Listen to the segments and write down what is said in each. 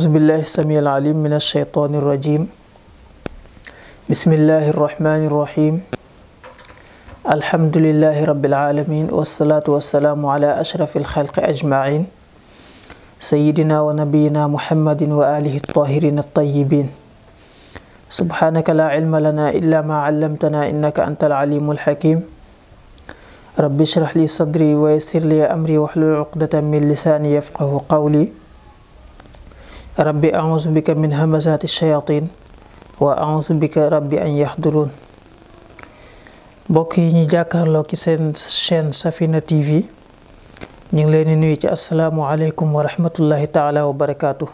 أعوذ بالله السميع العليم من الشيطان الرجيم بسم الله الرحمن الرحيم الحمد لله رب العالمين والصلاة والسلام على أشرف الخلق أجمعين سيدنا ونبينا محمد وآله الطاهرين الطيبين سبحانك لا علم لنا إلا ما علمتنا إنك أنت العليم الحكيم رب اشرح لي صدري ويسر لي أمري واحلل عقدة من لساني يفقه قولي ربي أعوذ بك من همزات الشياطين وأعوذ بك ربي أن يحضرون بوكي ني جاكار لو كي سين شين سفينة تي في ني لين نوي السلام عليكم ورحمة الله تعالى وبركاته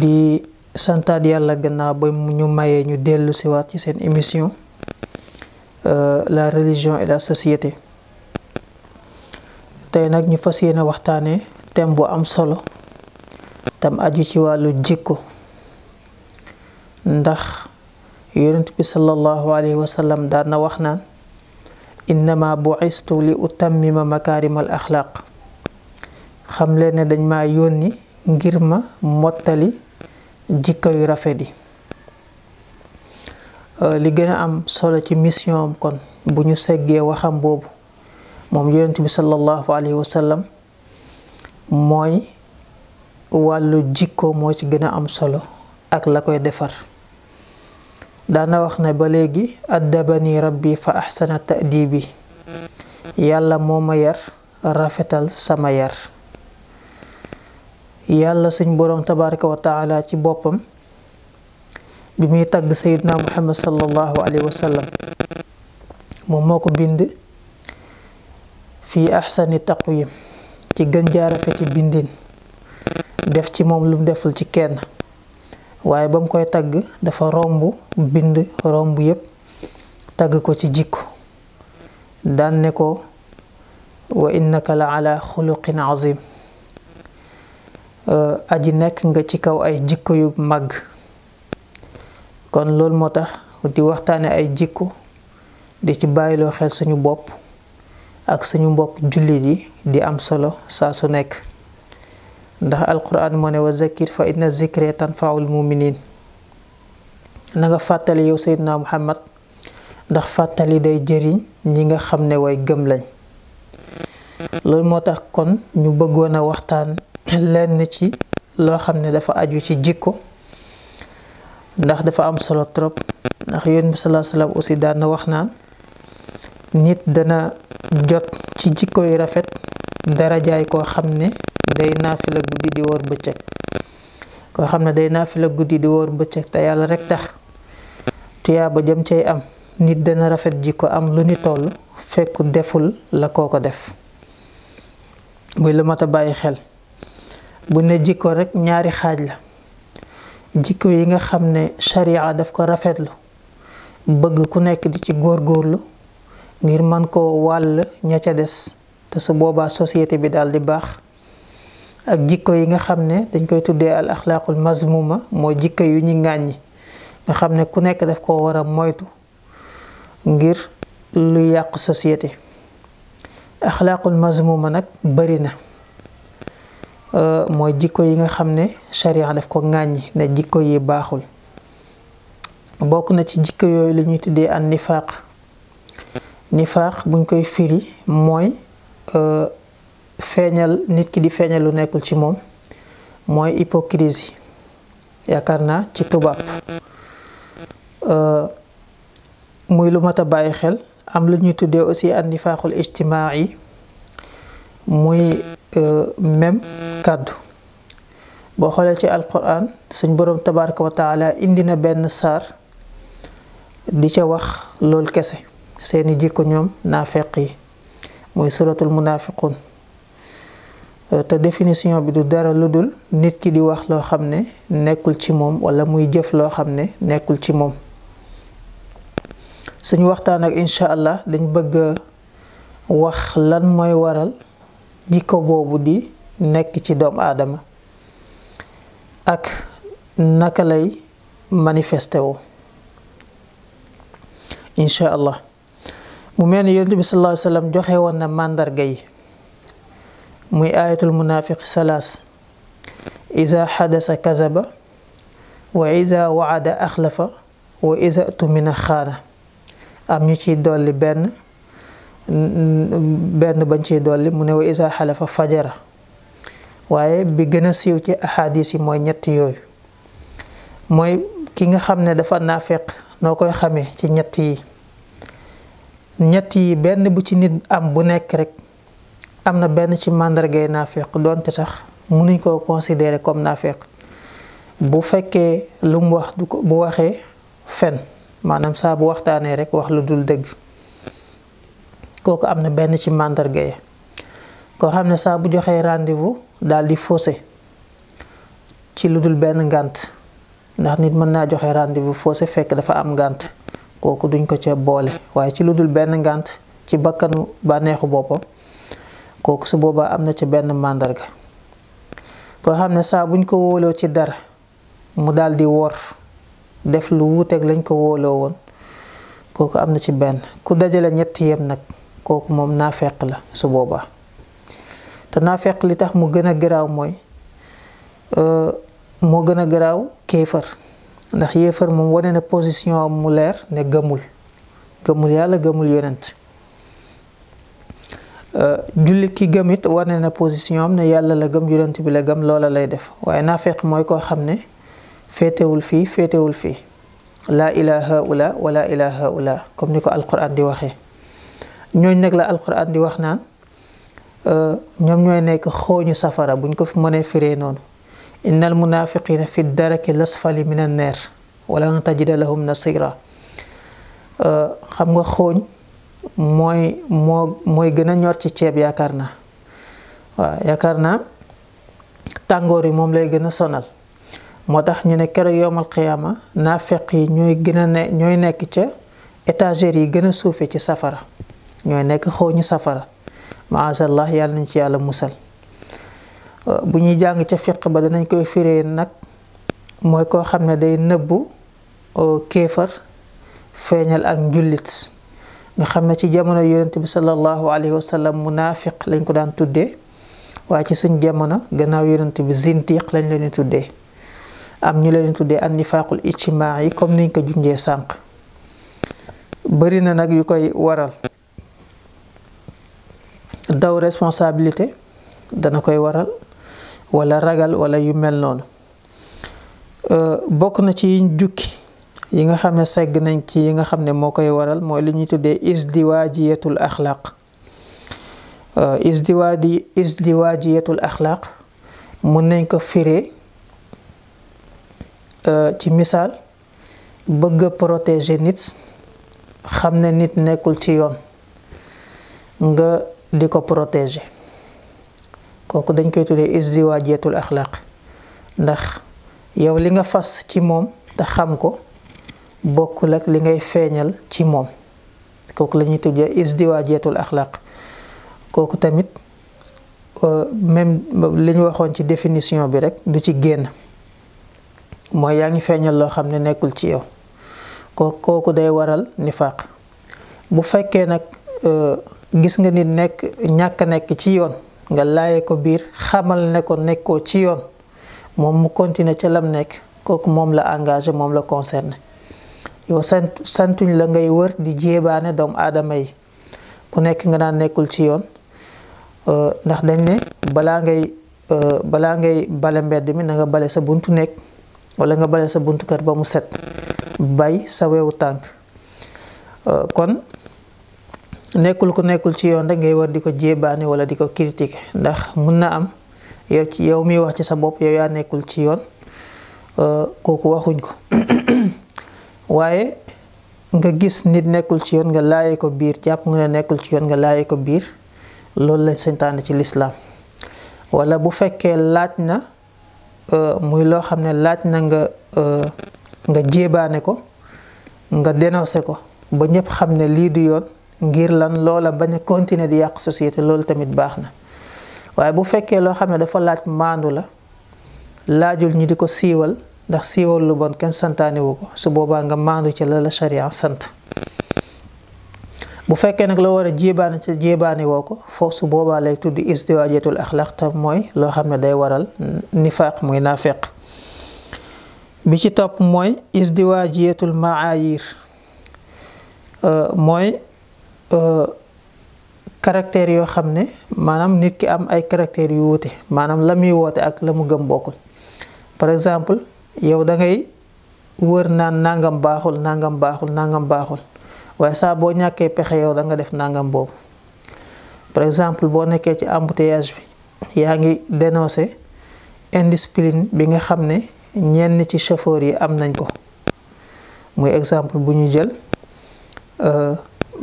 دي سانتاد يالا غنا بو نيو مايي نيو ديلو سي وات سي سين ايميسيون لا ريليجيون اي لا سوسيتي تاي نك ني فاسيينا واختاني تيم بو ام سولو tam aju ci wàllu jikko ndax yonent bi sallallahu alayhi wa sallam na wax naan innama bu'istu li utammima makaarimal axlaaq xam leen ne dañ maa yónni ngir ma mottali jikko yu rafet yi euh, li gën a am solo ci mission am kon bu ñu seggee waxam boobu moom yonent bi sallallahu alayhi wa mooy wàllu jikko moo ci gën a am solo ak la koy defar daana wax na ba léegi addabani rabbi fa ahsana ta'dibi yàlla moo ma yar rafetal sama yar yàlla suñ boroom tabaraka wa taala ci boppam bi muy tagg sayidna muhammad sallallahu alayhi wa moom moo ko bind fii ahsani taqwim ci gën jaarafe ci bindin def ci moom lu deful ci kenn waaye ba koy tagg dafa romb bind romb yépp tagg ko ci jikko daan ne ko wa innaka la ala xuluqin azim euh, aji nekk nga ci kaw ay jikko yu màgg kon loolu moo tax di waxtaane ay jikko di ci bàyyiloo xel suñu bopp ak suñu mbokk jullit yi di am solo saa su nekk ndax alquran mo ne wa zakir fa inna zikra tanfa'u almu'minin na nga fàttali yow seydina muhammad ndax fatali day jëriñ ñi nga xamne way gëm lañ lool motax kon ñu bëggona waxtaan lenn ci lo xamne dafa aju ci jikko ndax dafa am solo trop ndax yoon bi sallallahu alayhi wasallam aussi daan na wax naan nit dana jot ci jikko yu rafet dara jaay ko xamne day naafila guddi di wóor bëccëg koo xam ne day naafila guddi di wóor bëccëg te yàlla rekk tax tuyaaba jëm cay am nit dana rafet ji ko am lu ni toll fekku deful la koo ko def muy lu mat a bàyyi xel bu ne jikko rekk ñaari xaaj la jikko yi nga xam ne sharia daf ko rafetlu bëgg ku nekk di ci góor góorlu ngir mën koo wàll ña ca des te su boobaa société bi daal di baax ak jikko yi nga xam ne dañ koy tuddee al axlaaqul mazmuma mooy jikko yu ñu ŋàññi nga xam ne ku nekk daf koo war a moytu ngir lu yàq société axlaaqul mazmuma nag bari na euh, mooy jikko yi nga xam ne sharia daf ko ŋàññi ne jikko yi baaxul bokk na ci jikko yooyu lañuy ñuy tuddee an nifaaq nifaaq buñ koy firi mooy euh, feeñal nit ki di feeñal lu nekkul ci moom mooy hypocrisie yaakaar naa ci tubaab euh, muy lu mat a bàyyi xel am lu ñuy tuddee aussi an faaxul ijtimaa yi muy euh, même kàddu boo xoolee ci alquran suñ boroom tabaraka wa indi na benn saar di ca wax loolu kese seeni jikko ñoom naafeq yi muy suratul munafiqun te définition bi du dara lu nit ki di wax lo xamne nekul ci mom wala muy jëf lo xamne nekul ci mom suñu waxtaan ak insha allah dañ bëgg wax lan moy waral jikko bobu di nek ci doom adama ak naka lay manifesté wu insha allah mu melni ni bi sallallahu alayhi wasallam joxe woon na màndarga yi مي آية المنافق سلاس إذا حدث كذب وإذا وعد أخلف وإذا أتمنى خان أم يشي دولي بن بن بنشي دولي من وإذا حلف فجر واي بيغنا سيو تي احاديث موي نيت يوي موي كيغا خامني دا فا نافق نوكاي خامي تي نيت نيت بن بو تي نيت ام بو نيك ريك am na benn ci màndarga màndargay naafeq doonte sax mënuñ koo considérer comme naafeq bu fekkee lu wax du ko bu waxee fen maanaam saa bu waxtaanee rek wax lu dul dëgg kooku am na benn ci màndarga yi koo xam ne saa bu joxee rendez-vous daal di faussé ci lu dul benn ngànt ndax nit mën naa joxe rendez-vous faussé fekk dafa am ngànt kooku duñ ko ca boole waaye ci lu dul benn ngànt ci bakkanu bànneexu boppam kooku su boobaa am na ci benn màndarga koo xam ne saa buñ ko wóoloo ci dara mu daal di wor def lu wuuteeg lañ ko wóoloo woon kooku am na ci benn ku dajale ñetti yem nag kooku moom naa naafeq la su boobaa te naafeq li tax mu gën a garaaw mooy euh, moo gën a garaaw kéefër ndax yéefar moom wane na position mu leer ne gëmul gëmul yàlla gëmul yonent Euh, jullit ki gëm it wane na position am ne yàlla la gëm yonent bi la gëm loola lay def waaye naa naafeq mooy koo xam ne féetewul fii féetewul fii laa ilaha ula wala ilaha ula comme ni ko alquran di waxee ñooñ nag la alquran di wax naan euh, ñoom ñooy nekk xooñu safara buñ ko mënee firee noonu innal munafiqina fi daraki lasfali min an nar wala nga tajida lahum nasira euh, xam nga xooñ mooy moo mooy gën a ñor ci ceeb yaakaar naa waaw yaakaar naa tàngoor yi moom lay gën a sonal moo tax ñu ne keroog yowmal naa feq yi ñooy gën a ne ñooy nekk ca étagères yi gën a suufe ci safara ñooy nekk xaw ñu safara maasallah yàlla nañ ci yàlla musal euh, bu ñuy jàng ca fiq ba danañ koy firee nag mooy koo xam ne day nëbbu euh, kéefar feeñal ak njulit nga xam na ci jamono yonent bi sallallahu alayhi wa sallam munaafiq lañ ko daan tuddee waaye ci suñ jamono gannaaw yonent bi zindiq lañ leen di tuddee am ñu leen tuddee an nifaaqul ijtimaa yi comme niñ ko junjee sànq bëri na nag yu koy waral daw responsabilité dana koy waral wala ragal wala yu mel noonu euh, bokk na ci yiñ jukki yi nga xamne ne segg nañ ci yi nga xamne mo koy waral moy li ñuy isdiwajiyatul akhlaq euh isdiwadi isdiwajiyatul akhlaq mun nañ ko firé euh ci misal bëgg protéger nit xamne nit nekkul ci yoon nga diko protéger koku dañ koy tuddé isdiwajiyatul akhlaq ndax yow li nga fas ci mom da xam ko bokkul ak li ngay feeñal ci moom kooku la ñuy tuddee isdiwaajeetul axlaq kooku tamit euh, même liñ waxoon ci définition bi rek du ci génn mooy yaa ngi feeñal loo xam ne nekkul ci yow kooku kooku day waral ni fàq bu fekkee nag euh, gis nga nit nekk ñàkk nekk ci yoon nga laaye ko biir xamal ne ko nekkoo ci yoon moom mu continuer ca lam nekk kooku moom la engagé moom la concerné yow sant santuñ la ngay wër di jéebaane doomu aadama yi ku nekk nga naan nekkul ci yoon euh, ndax dañ ne balaa ngay euh, balaa ngay bale mbedd mi nanga bale sa buntu nekk wala nga bale sa buntu kër ba mu set bay sa wewu tànk euh, kon nekkul ku nekkul ci yoon rek ngay wër di ko jéebaane wala di ko critiquer ndax mun na am yow ci yow miy wax ci sa bopp yow yaa nekkul ci yoon kooku waxuñ ko waaye nga gis nit nekkul ci yoon nga laaye ko biir jàpp nga ne nekkul ci yoon nga laaye ko biir loolu la santaane ci lislaam wala bu fekkee laaj na euh, muy loo xam ne laaj na nga euh, nga jéebaane ko nga dénoncé ko ba ñëpp xam ne lii di yoon ngir lan loola bañ a continuer di yàq société loolu tamit baax na waaye bu fekkee loo xam ne dafa laaj maandu la laajul ñi di ko siiwal ndax siiwal lu bon kenn santaane wu ko su boobaa nga maandu ci la la sharia sant bu fekkee nag loo war a jéebaane ci jéebaane woo ko foofu su boobaa lay tudd isdiwaajatul axlaq te mooy loo xam ne day waral nifaaq muy naafeq bi ci topp mooy isdiwaajiyatul maayir euh, mooy euh, caractère yoo xam ne maanaam nit ki am ay caractère yu wuute maanaam la muy woote ak la mu gëm bokkul par exemple yow da ngay wër naan nangam baaxul nangam baaxul nangam baaxul waaye saa boo ñàkkee pexe yow danga def nangam boobu par exemple boo nekkee ci embouteillage bi yaa ngi dénoncé indiscipline bi nga xam ne ñenn ci chauffeur yi am nañ ko muy exemple bu ñu jël euh,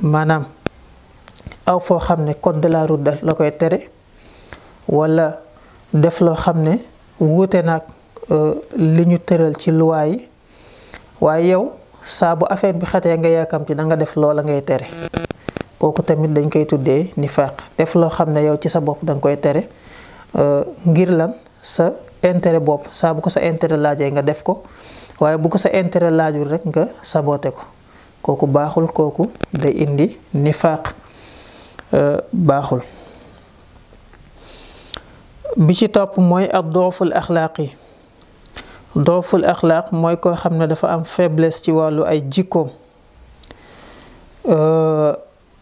maanaam aw foo xam ne code de la route la koy tere wala def loo xam ne wuute nag Euh, li ñu tëral ci luwaa yi waaye yow saabu bu affaire bi xatee nga yàkkamti da nga def loola ngay tere kooku tamit dañ koy tuddee nifaaq def loo xam ne yow ci sa bopp da nga koy tere euh, ngir lan sa intérêt bopp saabu ko sa intérêt laajee nga def ko waaye bu ko sa intérêt laajul rek nga sabote ko kooku baaxul kooku day indi nifaaq euh, baaxul bi ci topp mooy ad dooful axlaaqi dooful axlaaq mooy koo xam ne dafa am faiblesse ci wàllu ay jikkoom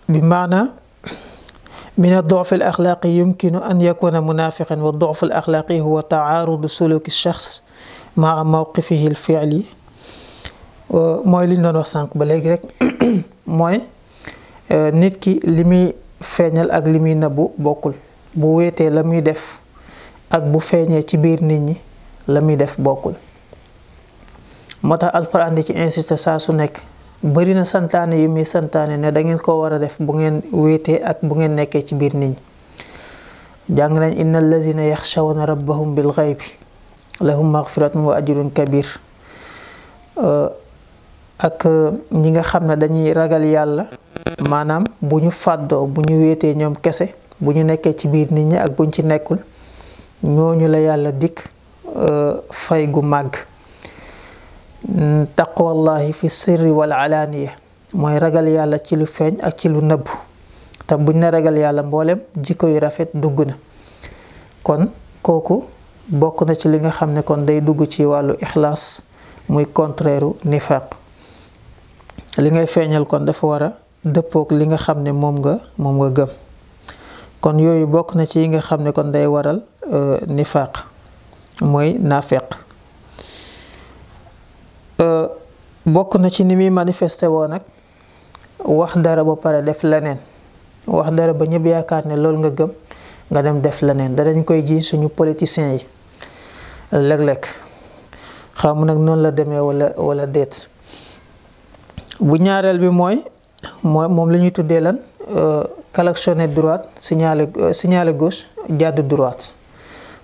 bi maana من الضعف الأخلاقي يمكن أن يكون منافقا والضعف الأخلاقي هو تعارض سلوك الشخص مع موقفه الفعلي mooy li ñu doon wax sànq ba léegi rek mooy nit ki li muy feeñal ak li muy nëbbu bokkul bu wéetee la muy def ak bu feeñee ci biir nit ñi la muy def bokkul moo tax alxuraan di ci insisté saa su nekk bëri na santaane yi muy santaane ne dangeen ngeen ko war a def bu ngeen wéetee ak bu ngeen nekkee ci biir nit ñi jàng nañ inna allazina yaxshawna rabbahum bil xaybi lahum magfiratun wa ajrun kabir ak ñi nga xam ne dañuy ragal yàlla maanaam bu ñu fàddoo bu ñu wéetee ñoom kese bu ñu nekkee ci biir nit ñi ak buñ ci nekkul ñooñu la yàlla dikk Euh, fay gu màgg mm, taqwallahi fi sirri wal alaaniya mooy ragal yàlla ci lu feeñ ak ci lu nëbb te buñ ne ragal yàlla mboolem jikko yu rafet dugg na kon kooku bokk na ci li nga xam ne kon day dugg ci wàllu ixlaas muy contraire nifaq li ngay feeñal kon dafa war a dëppoog li nga xam ne moom nga moom nga gëm kon yooyu bokk na ci yi nga xam ne kon day waral euh, nifaq mooy naafeq euh, bokk na ci ni muy manifesté woo nag wax dara ba pare def leneen wax dara ba ñëpp yaakaar ne loolu nga gëm nga dem def leneen danañ koy ji suñu politicien yi léeg-léeg xamu nag noonu la demee wala wala déet bu ñaareel bi mooy mooy moom la ñuy tuddee lan klaxonner euh, droite signaler euh, signaler gauche jàdd droite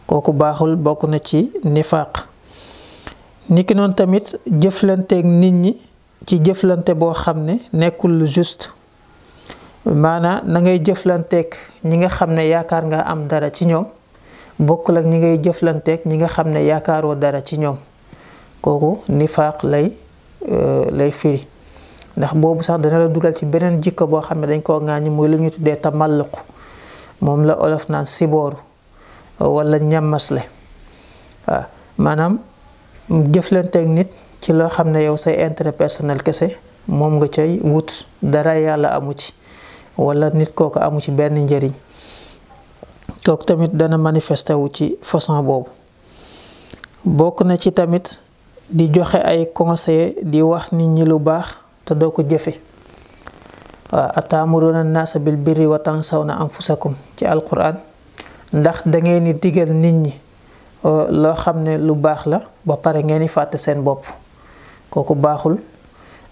kooku baaxul bokk na ci nifaaq niki noonu tamit jëflanteek nit ñi ci jëflante boo xam ne nekkul lu juste maanaa na ngay jëflanteeg ñi nga xam ne yaakaar nga am dara ci ñoom bokkul ak ñi ngay jëflanteeg ñi nga xam ne yaakaaroo dara ci ñoom kooku nifaaq lay euh, lay firi ndax boobu sax dana la dugal ci beneen jikko boo xam ne dañ koo ŋaañi muy lu ñu tuddee tamalluq moom la olof naan sibooru wala ñammasle ah, manam maanaam ak nit ci lo xamné yow say intérêt personnel kese mom nga cey wut dara yalla amu ci wala nit koko amu ci ben njëriñ tok tamit dana manifesté wu ci façon bobu bokk na ci tamit di joxe ay conseil di wax nit ñi lu baax ta do ko jëfe ah, atamuruna bil birri wa tansawna anfusakum ci alquran ndax da ngeen ni digal nit ñi euh, lo xamne ne lu bax la ba pare ngeen di fàtte seen koku baxul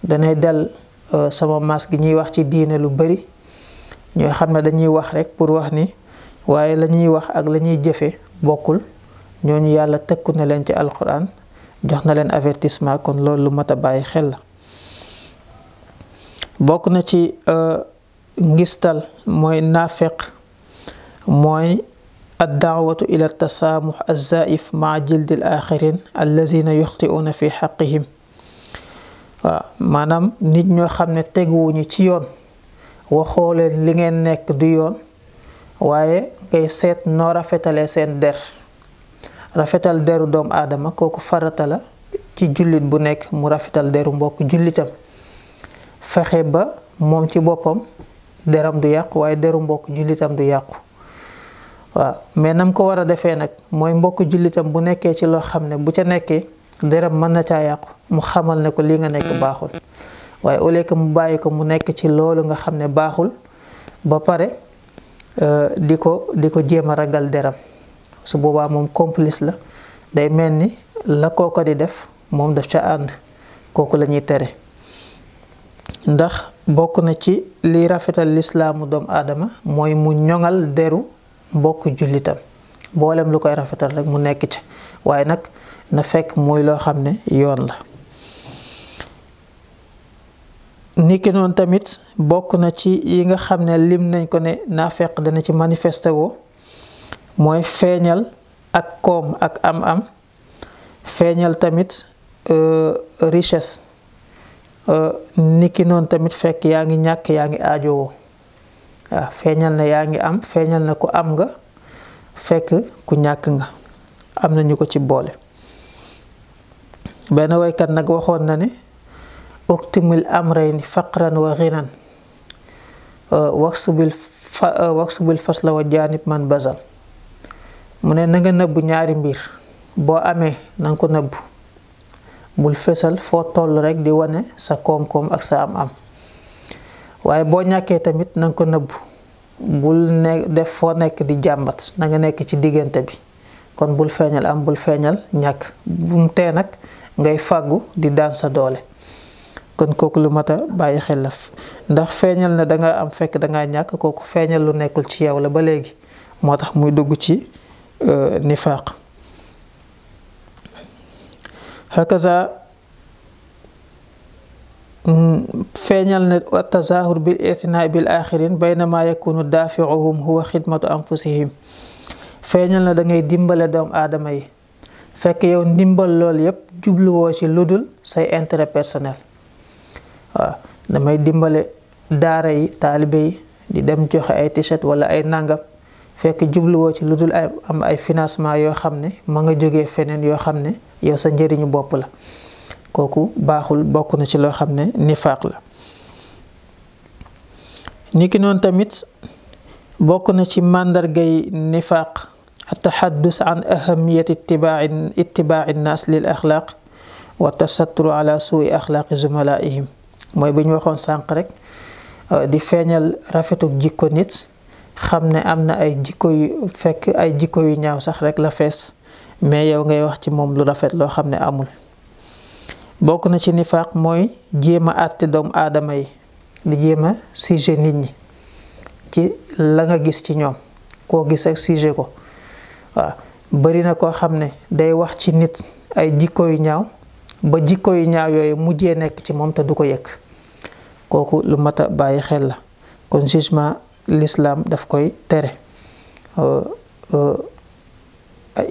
da ngay dal euh, sama mas gi ñi wax ci diine lu bari ñoy xamne dañuy wax rek pour wax ni waye la wax ak lañuy jëfé bokul bokkul ñooñu yàlla tëkku na leen ci alquran jox na leen avertissement kon loolu mata baye xel la na ci euh, ngistal moy nafiq, moy الدعوة إلى التسامح الزائف مع جلد الآخرين الذين يخطئون في حقهم waaw maanaam nit ñoo xam ne teguwuñu ci yoon waxoo leen li ngeen nekk du yoon waaye ngay seet noo rafetalee seen der rafetal deru doomu aadama kooku farata la ci jullit bu nekk mu rafetal deru mbokk jullitam fexe ba moom ci boppam deram du yàqu waaye deru mbokk jullitam du yàqu waaw mais nam ko war a defee nag mooy mbokk jullitam bu nekkee ci loo xam ne bu ca nekkee deram mën na caa yàqu mu xamal ne ko li nga nekk baaxul waaye au lieu que mu bàyyi ko mu nekk ci loolu nga xam ne baaxul ba pare euh, di ko di ko jéem a ragal deram su boobaa moom complice la day mel ni la kooko di def moom daf ca ànd kooku la ñuy tere ndax bokk na ci lii rafetal lislaamu doomu aadama mooy mu ñoŋal deru mbokk jullitam mboolem lu koy rafetal rek mu nekk ci waaye nag na fekk muy loo xam ne yoon la niki noonu tamit bokk na ci yi nga xam ne lim nañ ko ne naafeq dana ci manifesté woo mooy feeñal ak koom ak am-am feeñal tamit euh, richesse euh, niki noonu tamit fekk yaa ngi ñàkk yaa ngi aajowoo waaw ah, feeñal na yaa ngi am feeñal na ku am nga fekk ku ñàkk nga am na ñu ko ci boole benn woykat nag waxoon na ne uktimil amrayni faqran wa ghinan ah, waxsubil ah, waxsubil fasla wa jaanit man basal mu ne na nga ñaari mbir boo amee nanga ko nëbb bul fesal foo toll rekk di wane sa koom-koom ak sa am am waaye boo ñàkkee tamit na nga ko nëbb bul ne def foo nekk di jàmbat nanga nekk ci diggante bi kon bul feeñal am bul feeñal ñàkk bu mu tee nag ngay fàggu di daan sa doole kon kooku lu mat bàyyi xel la ndax feeñal ne danga am fekk dangaa ñàkk kooku feeñal lu nekkul ci yow la ba léegi moo tax muy dugg ci euh, nifaaq hakaza feeñal na atazahur bil itinaa bil axirin baynama yakunu daafiuhum huwa xidmatu anfusihim feeñal na da ngay dimbale doom aadama yi fekk yow ndimbal lool yépp jubluwoo ci lu dul say intérêt personnel waaw damay dimbale daara yi taalibe yi di dem joxe ay t-shirt wala ay nangam fekk jubluwoo ci lu dul am ay financement yoo xam ne ma nga jógee feneen yoo xam ne yow sa njëriñu bopp la kooku baaxul bokk na ci loo xam ne nifaaq la ni ki noonu tamit bokk na ci màndargay nifaaq ataxaddus an ahamiyat ittibaa ittibaaci nnaas lil axlaaq wa tasatturu ala suui axlaaqi zumalaihim mooy bi ñu waxoon sànq rek euh, di feeñal rafetuk jikko nit xam ne am na ay jikko yu fekk ay jikko yu ñaaw sax rek la fees mais yow ngay wax ci moom lu rafet loo xam ne amul bokk na ci nifaaq mooy jéema a àtte doomu aadama yi di jéema a nit ñi ci la nga gis ci ñoom koo gis ak sujet ko waaw bari na koo xam ne day wax ci nit ay jikko yu ñaaw ba jikko yu ñaaw yooyu mujjee nekk ci moom te du ko yëkk kooku lu mat a bàyyi xel la kon jugement lislaam daf koy tere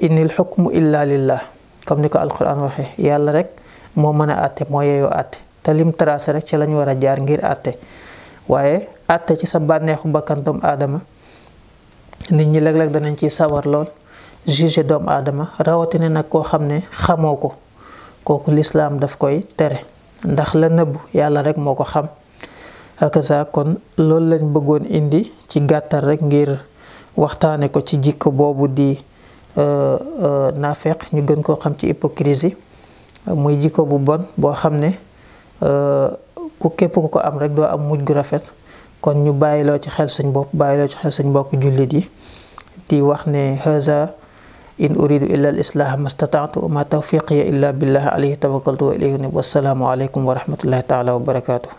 inil xukmu illa lillah comme ni ko alquran waxee yàlla rek moo mën a àtte moo yeyoo àtte te lim tracé rek ci lañ war a jaar ngir àtte waaye àtte ci sa bànneexu bakkan doomu aadama nit ñi léeg-léeg danañ ci sawar lool juge doomu aadama rawatina nag koo xam ne xamoo ko kooku lislaam daf koy tere ndax la nëbbu yàlla rek moo ko xam ak sa kon loolu lañ bëggoon indi ci gàttal rek ngir waxtaane ko ci jikk boobu di euh, euh, naafeq ñu gën koo xam ci hypocrisie muy jiko bu bon bo xamne ne ku kep ku ko am rek do am mujj gu rafet kon ñu bayilo ci xel suñ bop bayilo ci xel suñ mbokk julit yi di wax ne haza in uridu illa al islah mastata'tu ma tawfiqi illa billah alayhi tawakkaltu wa ilayhi wassalaamu alaykum wa rahmatullahi taala wa barakatuh